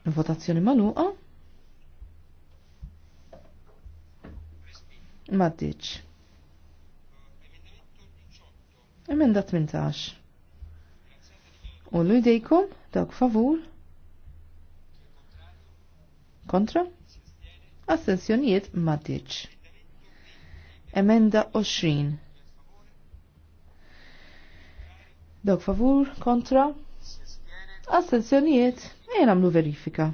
Il-votazzjoni maluqa. Maddiċ. Emenda 18. U l jdejkom dawk favur? Kontra? Assenzjonijiet maddiċ. Emenda 20. Dawk favur? Kontra? Assenzjonijiet Ejn għamlu verifika.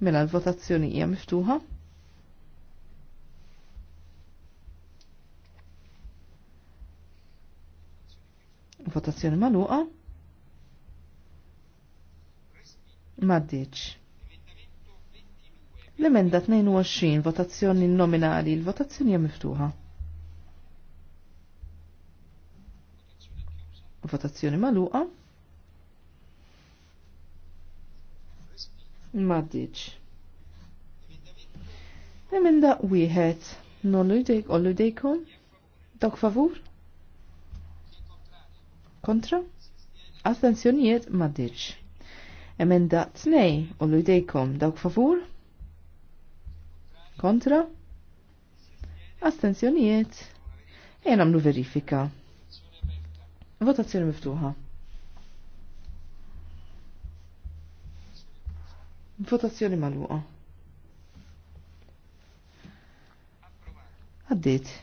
Mela l-votazzjoni hija miftuħa? votazzjoni maluqa. Maddiċ. L-emenda 22, votazzjoni nominali, l-votazzjoni hija miftuħa. Votazzjoni maluqa. Maddiċ. Emenda wieħed, non l-idejk, ollu idejkom, dak favur? Kontra? Astenzjonijiet maddiċ. Emenda tnej u l-idejkom dawk favur? Kontra? Astenzjonijiet? Ejn għamlu verifika. Votazzjoni miftuħa. Votazzjoni maluqa. Għaddit.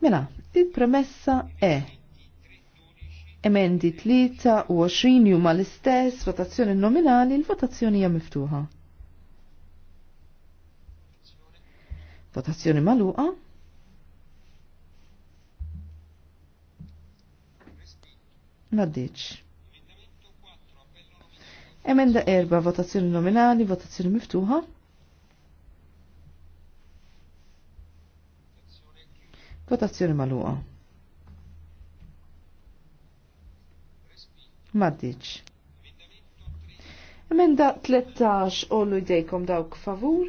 Mela, il-premessa E. Emendi u 20 juma l-istess, votazzjoni nominali, il-votazzjoni hija miftuħa. Votazzjoni maluqa. Maddiċ. Emenda erba' votazzjoni nominali, votazzjoni miftuħa. Votazzjoni maluqa. Maddiċ. Emenda 13 ollu jdejkom dawk favur.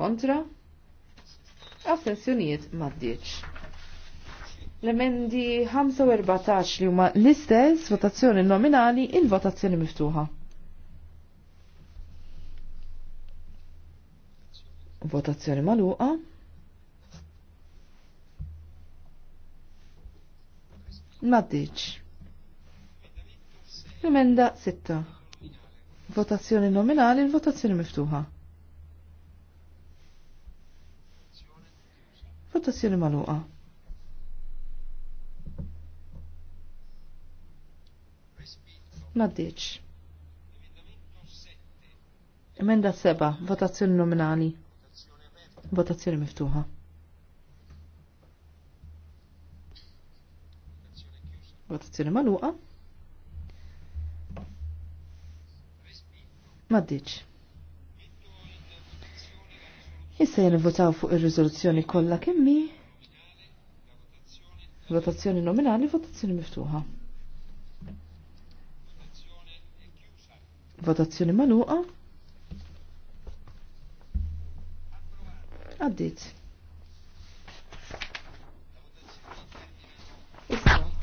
Kontra. Assenzjoniet maddiċ. L-emendi 14 li huma l-istess votazzjoni nominali il-votazzjoni miftuħa. Votazzjoni maluqa. Maddiċ. Emenda 6. Votazzjoni nominali, votazzjoni miftuħa. Votazzjoni maluqa. Maddiċ. Emenda 7. Votazzjoni nominali. Votazzjoni miftuħa. Votazzjoni maluqa. Maddiċ. Issa votaw fuq ir-riżoluzzjoni kollha kemmi. Votazzjoni nominali, votazzjoni miftuħa. Votazzjoni maluqa. Għaddit.